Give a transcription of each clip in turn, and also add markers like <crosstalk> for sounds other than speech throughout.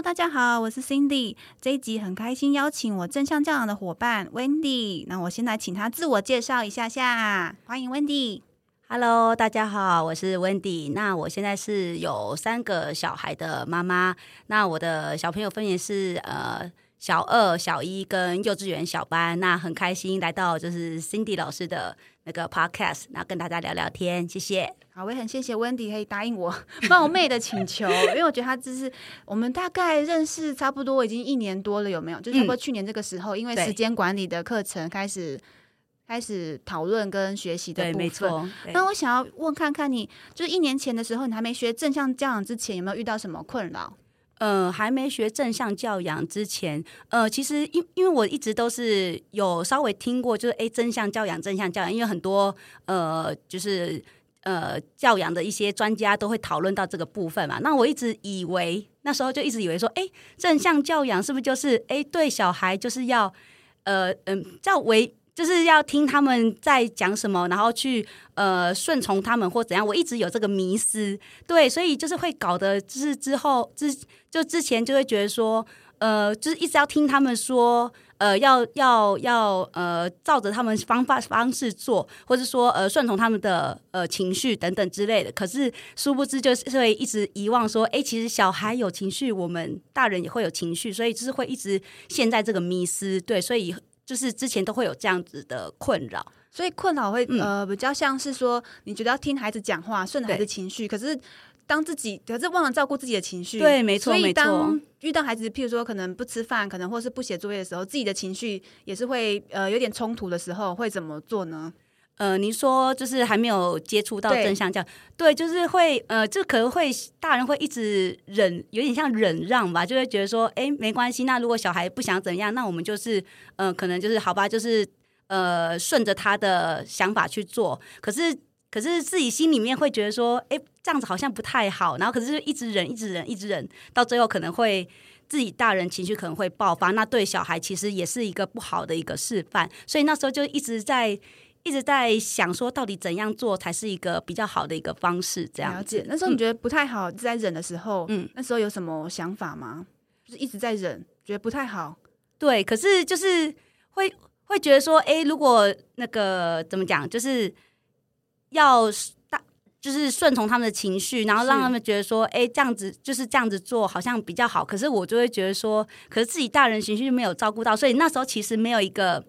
大家好，我是 Cindy。這一集很開心邀請我正向教養的夥伴 Wendy。那我先來請她自我介紹一下下。歡迎 Wendy。Hello，大家好，我是 Wendy。那我現在是有三個小孩的媽媽。那我的小朋友分別是呃。小二、小一跟幼稚園小班，那很開心來到就是 Cindy 老師的那個 Podcast，那跟大家聊聊天，謝謝。啊，我也很謝謝 Wendy 可以答應我冒昧的請求， <laughs> 因為我覺得他就是我們大概認識差不多已經一年多了，有沒有？就差不多去年這個時候，嗯、因為時間管理的課程開始對開始討論跟學習的對，對，沒錯。那我想要問看看你，就是一年前的時候，你還沒學正向教養之前，有沒有遇到什麼困擾？呃，還沒學正向教養之前，呃，其實因因為我一直都是有稍微聽過，就是哎，正向教養，正向教養，因為很多呃，就是呃，教養的一些專家都會討論到這個部分嘛。那我一直以為，那時候就一直以為說，哎，正向教養是不是就是哎，對小孩就是要呃嗯較為。就是要聽他們在講什麼，然後去呃順從他們或怎樣。我一直有這個迷思，對，所以就是會搞得就是之後之就之前就會覺得說，呃，就是一直要聽他們說，呃，要要要呃，照着他們方法方式做，或者說呃順從他們的呃情緒等等之類的。可是殊不知就是會一直遺忘說，哎，其實小孩有情緒，我們大人也會有情緒，所以就是會一直陷在這個迷思，對，所以。就是之前都會有這樣子的困擾，所以困擾會呃比較像是說，你覺得要聽孩子講話，順着孩子情緒，可是當自己可是忘了照顧自己的情緒，對，沒錯，沒錯。遇到孩子，譬如說可能不吃飯，可能或是不寫作業的時候，自己的情緒也是會呃有點衝突的時候，會怎麼做呢？呃，您說就是還沒有接觸到正向，這樣對，對，就是會呃，這可能會大人會一直忍，有點像忍讓吧，就會覺得說，哎，沒關係。那如果小孩不想怎樣，那我們就是，嗯、呃，可能就是好吧，就是呃，順着他的想法去做。可是，可是自己心裡面會覺得說，哎，這樣子好像不太好。然後，可是就一直忍，一直忍，一直忍，到最後可能會自己大人情緒可能會爆發。那對小孩其實也是一個不好的一個示範。所以那時候就一直在。一直在想說，到底怎樣做才是一個比較好的一個方式？這樣。了解。那時候你覺得不太好，嗯、在忍的時候，嗯，那時候有什麼想法嗎？就是一直在忍，覺得不太好。對，可是就是會會覺得說，哎、欸，如果那個怎麼講，就是要大，就是順從他們的情緒，然後讓他們覺得說，哎是、欸，這樣子就是這樣子做，好像比較好。可是我就會覺得說，可是自己大人情緒沒有照顧到，所以那時候其實沒有一個，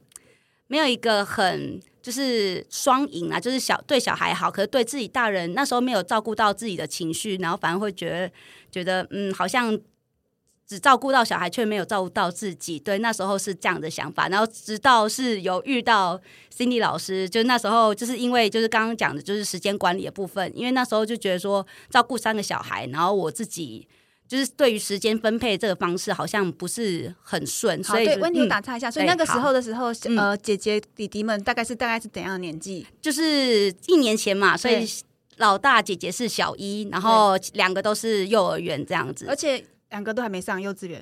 沒有一個很。就是雙贏啊，就是小對小孩好，可是對自己大人那時候沒有照顧到自己的情緒，然後反而會覺得覺得嗯，好像只照顧到小孩，卻沒有照顧到自己。對，那時候是這樣的想法，然後直到是有遇到 Cindy 老師，就那時候就是因為就是剛剛講的，就是時間管理的部分，因為那時候就覺得說照顧三個小孩，然後我自己。就是對於時間分配這個方式好像不是很順，好所以、就是、問題我打岔一下。嗯、所以那個時候的時候，呃，姐姐弟弟們大概是大概是怎樣的年紀？就是一年前嘛，所以老大姐姐是小一對，然後兩個都是幼兒園這樣子，而且兩個都還沒上幼稚園。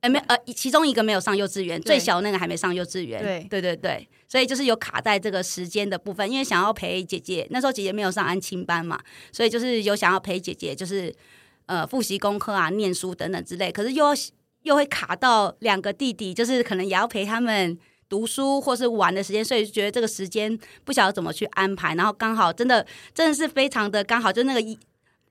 哎、欸，沒呃，其中一個沒有上幼稚園，對最小那個還沒上幼稚園。對對對對，所以就是有卡在這個時間的部分，因為想要陪姐姐，那時候姐姐沒有上安親班嘛，所以就是有想要陪姐姐，就是。呃，複習功課啊，念書等等之類，可是又要又會卡到兩個弟弟，就是可能也要陪他們讀書或是玩的時間，所以就覺得這個時間不曉得怎麼去安排。然後剛好真的真的是非常的剛好，就那個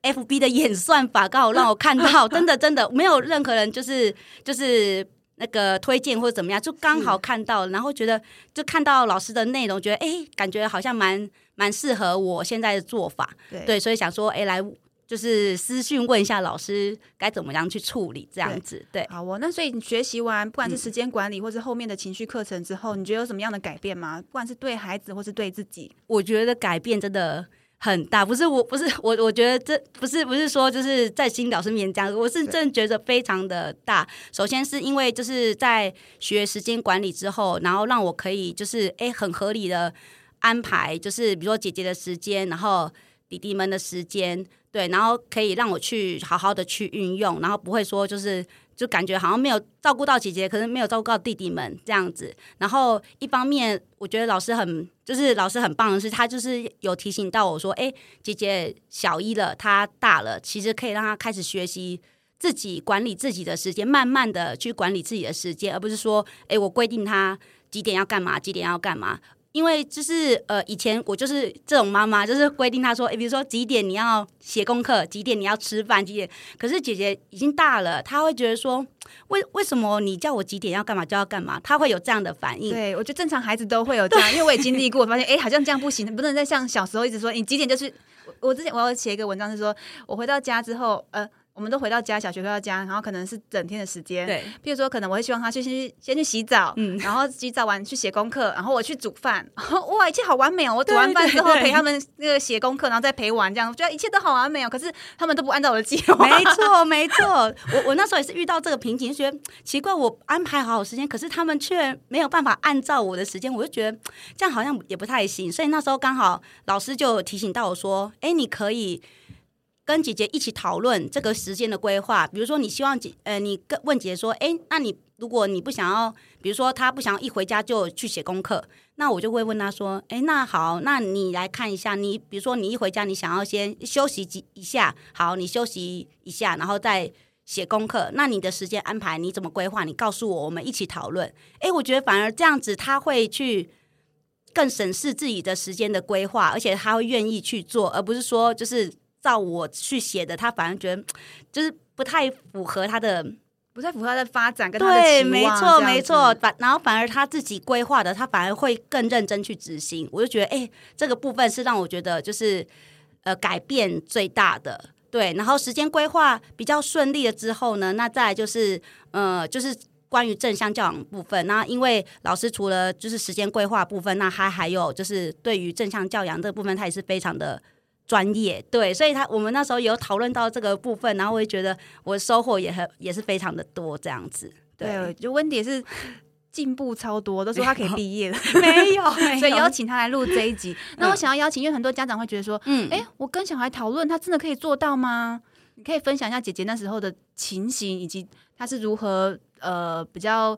F B 的演算法剛好讓我看到， <laughs> 真的真的沒有任何人就是就是那個推薦或者怎麼樣，就剛好看到，是然後覺得就看到老師的內容，覺得哎，感覺好像蠻蠻適合我現在的做法，對，對，所以想說哎來。就是私訊問一下老師該怎麼樣去處理這樣子，對，對好、哦，我那所以你學習完不管是時間管理或是後面的情緒課程之後，嗯、你覺得有什麼樣的改變嗎？不管是對孩子或是對自己，我覺得改變真的很大，不是我，不是我，我覺得這不是不是說就是在 Cindy 老師面前講，我是真的覺得非常的大。對首先是因為就是在學時間管理之後，然後讓我可以就是哎、欸、很合理的安排，就是比如說姐姐的時間，然後弟弟們的時間。對，然後可以讓我去好好的去運用，然後不會說就是就感覺好像沒有照顧到姐姐，可能沒有照顧到弟弟們這樣子。然後一方面，我覺得老師很就是老師很棒的是，他就是有提醒到我說，哎，姐姐小一了，他大了，其實可以讓他開始學習自己管理自己的時間，慢慢的去管理自己的時間，而不是說，哎，我規定他幾點要幹嘛，幾點要幹嘛。因為就是呃，以前我就是這種媽媽，就是規定她說，誒，比如說幾點你要寫功課，幾點你要吃飯，幾點。可是姐姐已經大了，她會覺得說，為為什麼你叫我幾點要幹嘛就要幹嘛？她會有這樣的反應。對，我覺得正常孩子都會有這樣，對因為我也經歷過，發現哎，好像這樣不行，不能再像小時候一直說，你幾點就是。我之前我要寫一個文章，是說我回到家之後，呃。我們都回到家，小學回到家，然後可能是整天的時間。對，譬如說，可能我會希望他去先去先去洗澡，嗯、然後洗澡完去寫功課，然後我去煮飯。 <laughs> 哇，一切好完美哦！我煮完飯之後陪他們那個寫功課，然後再陪玩，這樣我覺得一切都好完美哦。可是他們都不按照我的計劃。沒錯，沒錯。 <laughs> 我我那時候也是遇到這個瓶頸，就覺得奇怪，我安排好時間，可是他們卻沒有辦法按照我的時間，我就覺得這樣好像也不太行。所以那時候剛好老師就提醒到我說：“哎、欸，你可以。”跟姐姐一起討論這個時間的規劃，比如說你希望姐，呃，你跟問姐姐說，欸，那你如果你不想要，比如說他不想要一回家就去寫功課，那我就會問他說，欸，那好，那你來看一下，你比如說你一回家你想要先休息幾一下，好，你休息一下，然後再寫功課，那你的時間安排你怎麼規劃？你告訴我，我們一起討論。欸，我覺得反而這樣子他會去更審視自己的時間的規劃，而且他會願意去做，而不是說就是。照我去寫的，他反而覺得就是不太符合他的，不太符合他的發展跟他的期望。對，沒錯，沒錯。反然後反而他自己規劃的，他反而會更認真去執行。我就覺得，哎、欸，這個部分是讓我覺得就是呃改變最大的。對，然後時間規劃比較順利了之後呢，那再就是呃，就是關於正向教養部分。那因為老師除了就是時間規劃部分，那他還有就是對於正向教養這個部分，他也是非常的。專業。對，所以他我們那時候有討論到這個部分，然後我也覺得我收穫也很，也是非常的多這樣子。對，對，就溫蒂也是進步超多，都說他可以畢業了，沒有， <laughs> 沒有，所以有邀請他來錄這一集。那我想要邀請，嗯、因為很多家長會覺得說，嗯，哎，我跟小孩討論，他真的可以做到嗎？嗯、你可以分享一下姐姐那時候的情形，以及他是如何呃比較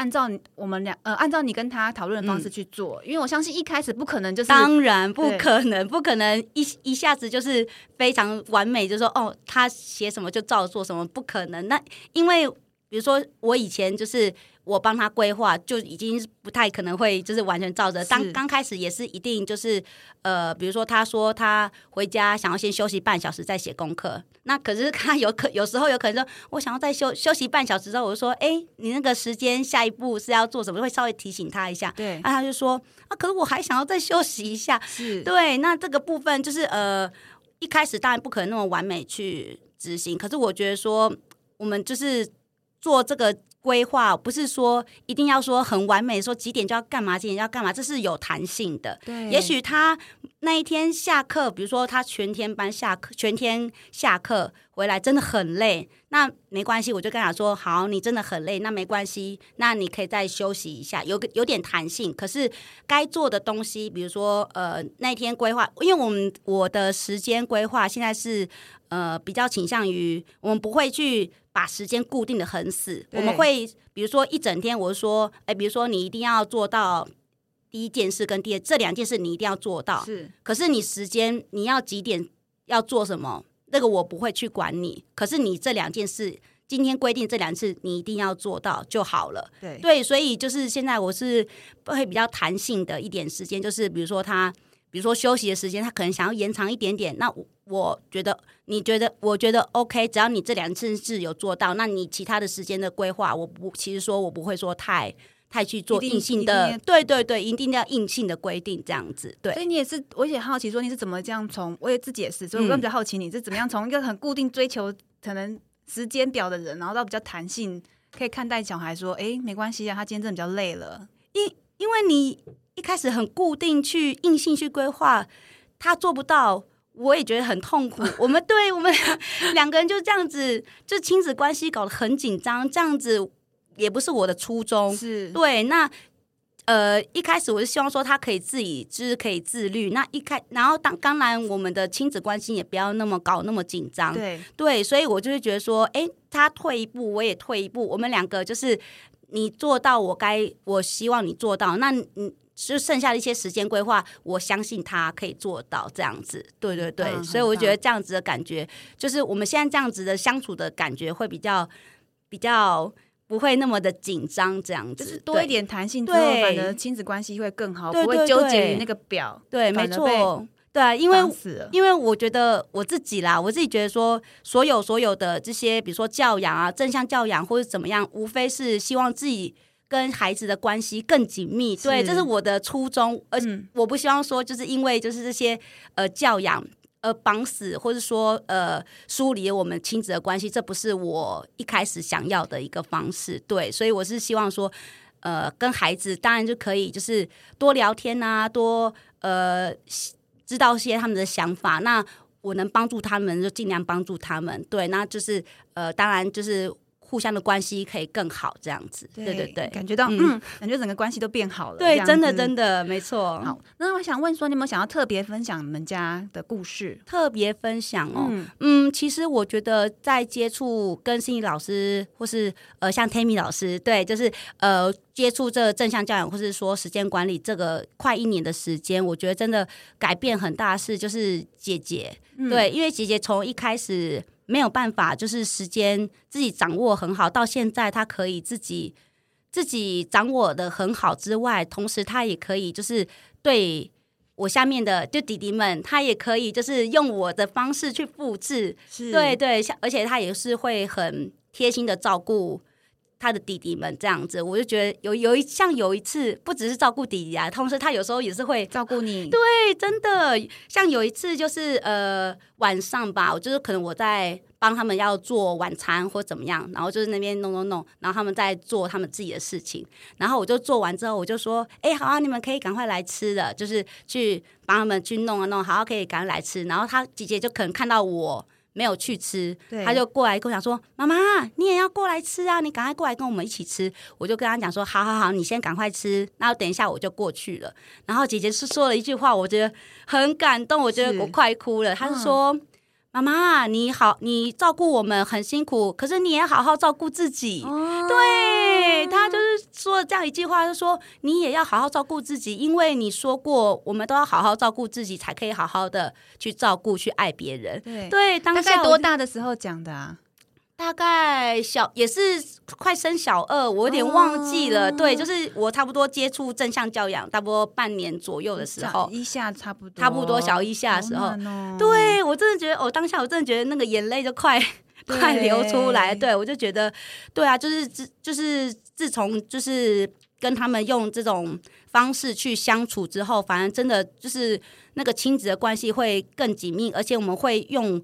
按照我們倆，呃，按照你跟他討論的方式去做，嗯、因為我相信一開始不可能就是，當然不可能，對不可能一一下子就是非常完美，就是、說哦，他寫什麼就照做什麼，不可能。那因為比如說我以前就是。我幫他規劃就已經不太可能會就是完全照着是，當剛開始也是一定就是呃，比如說他說他回家想要先休息半小時再寫功課，那可是他有可有時候有可能說，我想要再休休息半小時之後，我就說，哎、欸，你那個時間下一步是要做什麼？我就會稍微提醒他一下。對，那、啊、他就說，啊，可是我還想要再休息一下。是對，那這個部分就是呃，一開始當然不可能那麼完美去執行，可是我覺得說我們就是做這個。規劃不是說一定要說很完美，說幾點就要幹嘛，幾點就要幹嘛，這是有彈性的。對也許他那一天下課，比如說他全天班下課，全天下課回來真的很累，那沒關係，我就跟他說，好，你真的很累，那沒關係，那你可以再休息一下，有個有點彈性。可是該做的東西，比如說，呃，那天規劃，因為我們我的時間規劃現在是，呃，比較傾向於我們不會去把時間固定的很死，對我們會比如說一整天，我說，哎、欸，比如說你一定要做到第一件事跟第二這兩件事，你一定要做到。是，可是你時間你要幾點要做什麼？那個我不會去管你，可是你這兩件事，今天規定這兩次你一定要做到就好了。對，對，所以就是現在我是會比較彈性的一點時間，就是比如說他，比如說休息的時間，他可能想要延長一點點，那我，我覺得你覺得我覺得 OK，只要你這兩次是有做到，那你其他的時間的規劃，我不其實說我不會說太。太去做硬性的定定，對對對，一定要硬性的規定這樣子，對。所以你也是，我也好奇，說你是怎麼這樣從我也自己也是，所以我覺得比較好奇，你是怎麼樣從一個很固定追求可能時間表的人，然後到比較彈性可以看待小孩，說，哎，沒關係啊，他今天真的比較累了。因因為你一開始很固定去硬性去規劃，他做不到，我也覺得很痛苦。 <laughs> 我們對我們兩個人就這樣子，就親子關係搞得很緊張，這樣子。也不是我的初衷，是對。那呃，一開始我是希望說他可以自己，就是可以自律。那一開，然後當當然，我們的親子關係也不要那麼搞那麼緊張，對對。所以我就是覺得說，哎，他退一步，我也退一步。我們兩個就是你做到我該，我希望你做到。那你就剩下的一些時間規劃，我相信他可以做到這樣子。對對對，嗯，所以我覺得這樣子的感覺，嗯，就是我們現在這樣子的相處的感覺會比較比較。不會那麼的緊張，這樣子就是多一點彈性之後，對反而親子關係會更好，對不會糾結於那個表。對,對，沒錯，對啊，因為因為我覺得我自己啦，我自己覺得說，所有所有的這些，比如說教養啊，正向教養或是怎麼樣，無非是希望自己跟孩子的關係更緊密。是對，這是我的初衷，而我不希望說就是因為就是這些呃教養。呃，綁死或者說呃，疏離我們親子的關係，這不是我一開始想要的一個方式。對，所以我是希望說，呃，跟孩子當然就可以，就是多聊天啊，多呃，知道些他們的想法。那我能幫助他們，就盡量幫助他們。對，那就是呃，當然就是。互相的關係可以更好，這樣子，對，對對對，感覺到，嗯，感覺整個關係都變好了，對，真的真的、嗯、沒錯。好，那我想問說，你有沒有想要特別分享你們家的故事？特別分享哦，嗯，嗯，其實我覺得在接觸跟 Cindy 老師，或是呃像 Tammy 老師，對，就是呃接觸這正向教養，或是說時間管理這個快一年的時間，我覺得真的改變很大事，是就是姐姐，嗯、對，因為姐姐從一開始。沒有辦法，就是時間自己掌握很好，到現在他可以自己自己掌握得很好之外，同時他也可以就是對我下面的就弟弟們，他也可以就是用我的方式去複製，是對對，而且他也是會很貼心的照顧。他的弟弟們這樣子，我就覺得有有一像有一次，不只是照顧弟弟啊，同時他有時候也是會照顧你。對，真的，像有一次就是呃晚上吧，我就是可能我在幫他們要做晚餐或怎麼樣，然後就是那邊弄弄弄，然後他們在做他們自己的事情，然後我就做完之後，我就說，哎、欸，好啊，你們可以趕快來吃的，就是去幫他們去弄啊弄，好啊，可以趕快來吃。然後他姐姐就可能看到我，沒有去吃，對他就過來跟我講說：“媽媽，你也要過來吃啊！你趕快過來跟我們一起吃。”我就跟他講說：“好好好，你先趕快吃，然後等一下我就過去了。”然後姐姐是說了一句話，我覺得很感動，我覺得我快哭了。她是他說：“嗯、媽媽，你好，你照顧我們很辛苦，可是你也好好照顧自己。哦”對他就是。說了這樣一句話，就說你也要好好照顧自己，因為你說過，我們都要好好照顧自己，才可以好好的去照顧、去愛別人。對對，對當下大概多大的時候講的啊？大概小也是快生小二，我有點忘記了。哦、對，就是我差不多接觸正向教養，差不多半年左右的時候，一下差不多，差不多小一下的時候。哦、對，我真的覺得，哦，當下我真的覺得那個眼淚就快對快流出來。對，我就覺得，對啊，就是就是。自從就是跟他們用這種方式去相處之後，反正真的就是那個親子的關係會更緊密，而且我們會用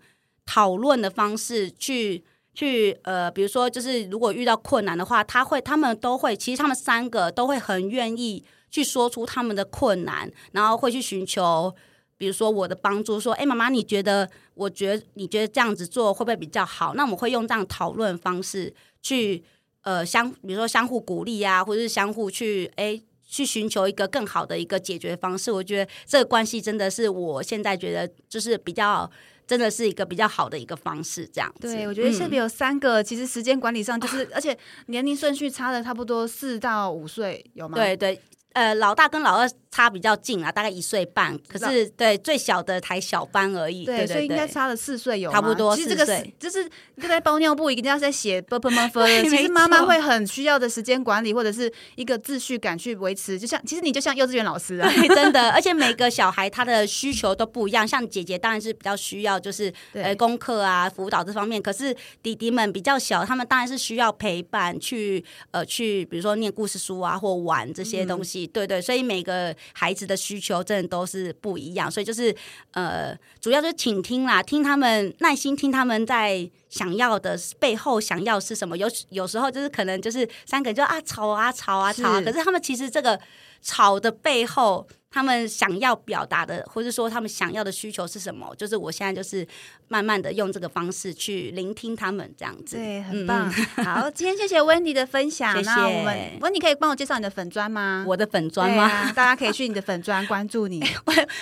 討論的方式去去呃，比如說就是如果遇到困難的話，他會他們都會，其實他們三個都會很願意去說出他們的困難，然後會去尋求比如說我的幫助說，說哎媽媽，你覺得，我覺得你覺得這樣子做會不會比較好？那我們會用這樣討論方式去。呃，相比如說相互鼓勵啊，或者是相互去哎去尋求一個更好的一個解決方式，我覺得這個關係真的是我現在覺得就是比較真的是一個比較好的一個方式，這樣子。對，我覺得下面有三個，嗯、其實時間管理上就是，哦、而且年齡順序差了差不多四到五歲有嗎？對對。對呃，老大跟老二差比較近啊，大概一歲半。可是老對最小的才小班而已。對，對，對，對，所以應該差了四歲有。差不多四歲。其實這個是，就是你在包尿布，一定要在寫 “purple muffin”。其實媽媽錯會很需要的時間管理，或者是一個秩序感去維持。就像，其實你就像幼稚園老師啊，真的。而且每個小孩他的需求都不一樣。像姐姐當然是比較需要，就是對呃功課啊輔導這方面。可是弟弟們比較小，他們當然是需要陪伴去呃去，比如說念故事書啊或玩這些東西。嗯對對，所以每個孩子的需求真的都是不一樣，所以就是呃，主要就是傾聽啦，聽他們，耐心聽他們在想要的背後想要是什麼。有有時候就是可能就是三個人就啊吵啊吵啊吵啊，是可是他們其實這個吵的背後。他們想要表達的，或是說他們想要的需求是什麼？就是我現在就是慢慢的用這個方式去聆聽他們這樣子。對，很棒。好，今天謝謝 Wendy 的分享。謝謝。溫迪可以幫我介紹你的粉專嗎？我的粉專嗎？大家可以去你的粉專關注你。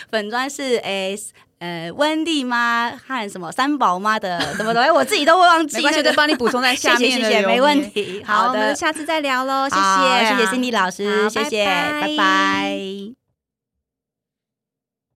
粉專是誒呃溫迪媽和什麼三寶媽的怎麼的，哎，我自己都會忘記。沒關係，再幫你補充在下面。謝謝，沒問題。好，我們下次再聊嘍。謝謝，謝謝 Cindy 老師，謝謝，拜拜。